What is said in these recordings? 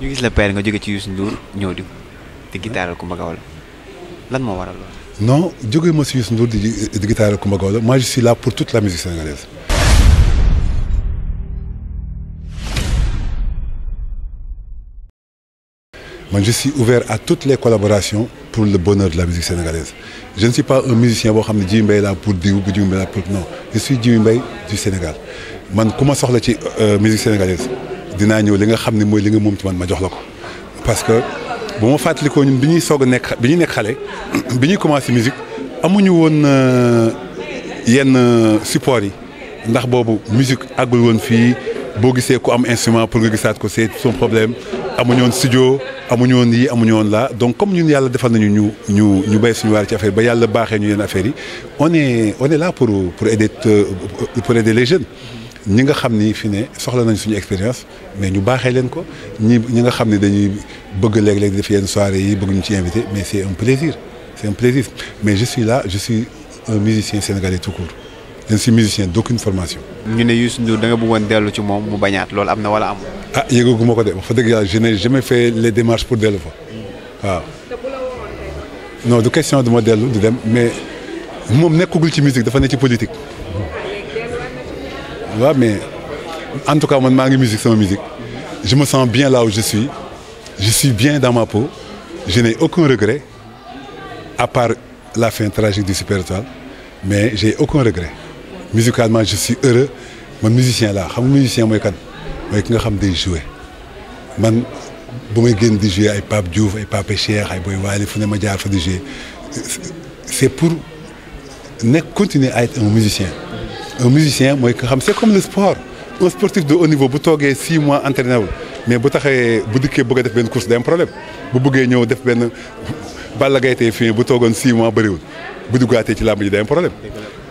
ñu gis la père nga jóge ci Youssou Ndour ñëw di di guitare. Coumba Gawlo lan moo waral loolu. non jóge ma si Youssou Ndour di di ko Coumba Gawlo moi je suis là pour toute la musique sénégalaise. man je suis ouvert à toutes les collaborations pour le bonheur de la musique sénégalaise je ne suis pas un musicien boo xam ne Djibi Mbaye pour diw bu Djibi Mbaye laa pour non je suis Djibi Mbaye du Sénégal man ku ma soxla ci euh, musique sénégalaise dina ñëw li nga xam moy li nga moom ci man ma jox lako parce que bu ma fàttalikoo ñun biñuy ñuy nek biñuy nek xalé biñuy commencer musique amuñu won euh, yenn euh, support yi ndax bobu musique agul won fi bo gisé ko am instrument pour nga gisaat ko c'est son problème amuñu won studio amuñu won yi amuñu won la donc comme ñun yalla defal nañu ñu ñu ñu bay suñu war ci affaire ba yalla baxé ñu yeen affaire yi on est on est là pour pour aider euh, pour aider les jeunes ñi nga xam ni fi ne soxla nañ suñu expérience mais ñu baaxee leen ko ñi ñi nga xam ne dañuy bëgg léeg-léeg def yenn soirée yi bëgg ñu ci invité mais c'est un plaisir c'est un plaisir mais je suis là je suis un musicien sénégalais tout court je suis musicien d'aucune formation. ñu ne Youssou Ndour da nga bëggoon dellu ci moom mu bañaat loolu am na wala am. ah yëgagu ma ko de wax dëgg yàlla je n'ai jamais fait les démarches pour dellu fa waaw. non du question du ma dellu du dem mais moom nekkugul ci musique dafa ne ci politique. Ouais, mais en tout cas, mon ma musique, c'est ma musique. Je me sens bien là où je suis. Je suis bien dans ma peau. Je n'ai aucun regret, à part la fin tragique du Super Étoile. Mais j'ai aucun regret. Musicalement, je suis heureux. Mon musicien là, je musicien, moi, je sais jouer. Man, bu je suis des jouer ay Pape Diouf ay Pape Cheikh ay Boy Wally fu ma jaar jouer c'est pour ne continuer à être un musicien un musicien mooy ko xam c'est comme le sport un sportif de haut bu toogee six mois entraîné mais bu taxee bu dikkee bëgg a def benn course day am problème bu bëggee ñëw def benn Balla Gaye tey fii bu toogoon six mois bëriwul bu duggaatee ci làmb ji day am problème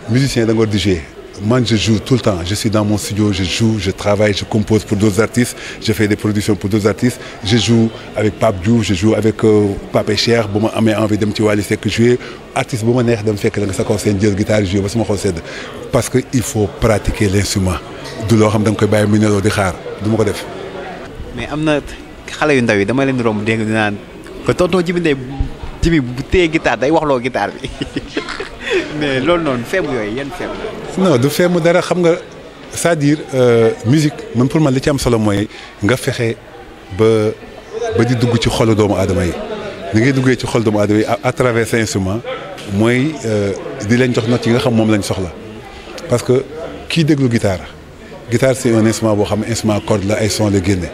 musicien da nga di jouer moi je joue tout le temps. Je suis dans mon studio, je joue, je travaille, je compose pour d'autres artistes, je fais des productions pour d'autres artistes. Je joue avec Pape Diouf, je joue avec euh, Pape Echer, bon, Amé, envie de ci wàllu sekk jouer artiste bu ma neex dem fekk da nga sa kaw seen jël guitare jouer ba sama xol parce qu'il faut pratiquer l'instrument du loo xam da nga koy bàyyi mu neloo di xaar du ko def. mais am na xale yu ndaw yi dama leen un dégg nga ko bu guitare mais loolu noonu feebu yooyu yan feebu non du feebu dara xam nga c'est-à-dire euh, musique man pour man li ci am solo mooy nga fexe ba ba di dugg ci xolu doomu aadama yi ni ngay duggee ci xol doomu aadama yi à travers ces instruments mooy euh, di leen jox note yi nga xam moom lañ soxla parce que kii déglu guitare guitare c'est un instrument boo xam instrument corde la ay son la génne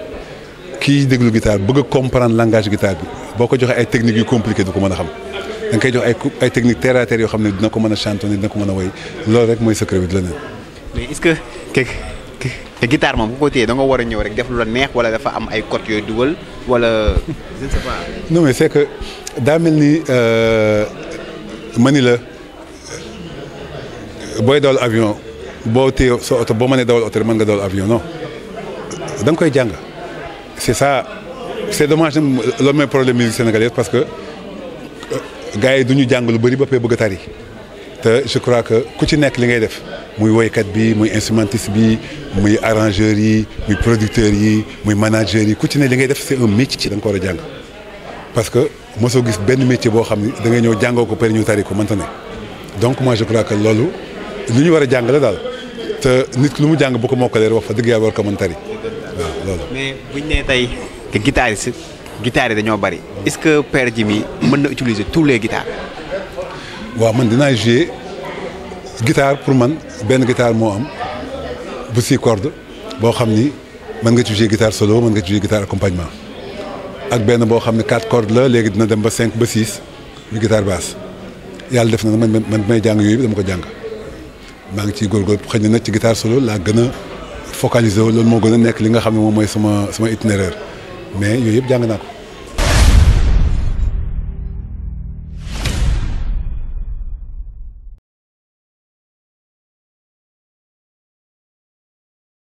kii déglu guitare bëgg a comprendre langage guitare bi boo ko joxee ay techniques yu compliquées du ko mën a xam da nga koy jox ay ay technique terre à terre yoo xam ne dina ko mën a chantonner dina ko mën a woy loolu rek mooy secret bi la leneen. mais est-ce que kek te guitare moom bu ko téyee da nga war a ñëw rek def lu la neex wala dafa am ay cotes yooyu dugal wala je ne sais pas. non mais c'est que daa mel ni euh, ma ni la booy dawal avion boo téye sa oto boo mënee dawal oto rek mën nga dawal avion non da nga koy jàng c'est ça c'est dommage loolu mooy problème musique sénégalaise parce que. gars yi du ñu jàng lu bëri ba pare bëgg a tari te je crois que ku ci nekk li ngay def muy woykat bi muy instrumentiste bi muy arrangeur yi muy producteur yi muy manager yi ku ci ne li ngay def c'est un métier ci da nga ko war a jàng parce que mosoo gis benn métier boo xam ni da ngay ñëw jàngoo ko pare ñu tari ko mënta ne donc moi je crois que loolu lu ñu war a jàng la daal te nit lu mu jàng bu ko mokkalee wax fa dëgg yàlla war ko mën tari waaw loolu. mais buñ nee tey que guitares yi dañoo bari est-ce que Père Jimmy mën na utiliser tous les waaw man dinaa jouer gitaar pour man benn gitaar moo am bu six cordes boo xam ni mën nga ci jouer guitare solo mën nga ci jouer guitare accompagnement ak benn boo xam ne quatre cordes la léegi dina dem ba cinq ba six bu guitare basse yàlla def na man man may jàng yooyu dama ko jàng maa ngi ciy góorgóorlu xëy na ci guitare solo laa gën a focaliser loolu moo gën a nekk li nga xam ne moom mooy sama sama itinéraire. mais yooyu yëpp jàng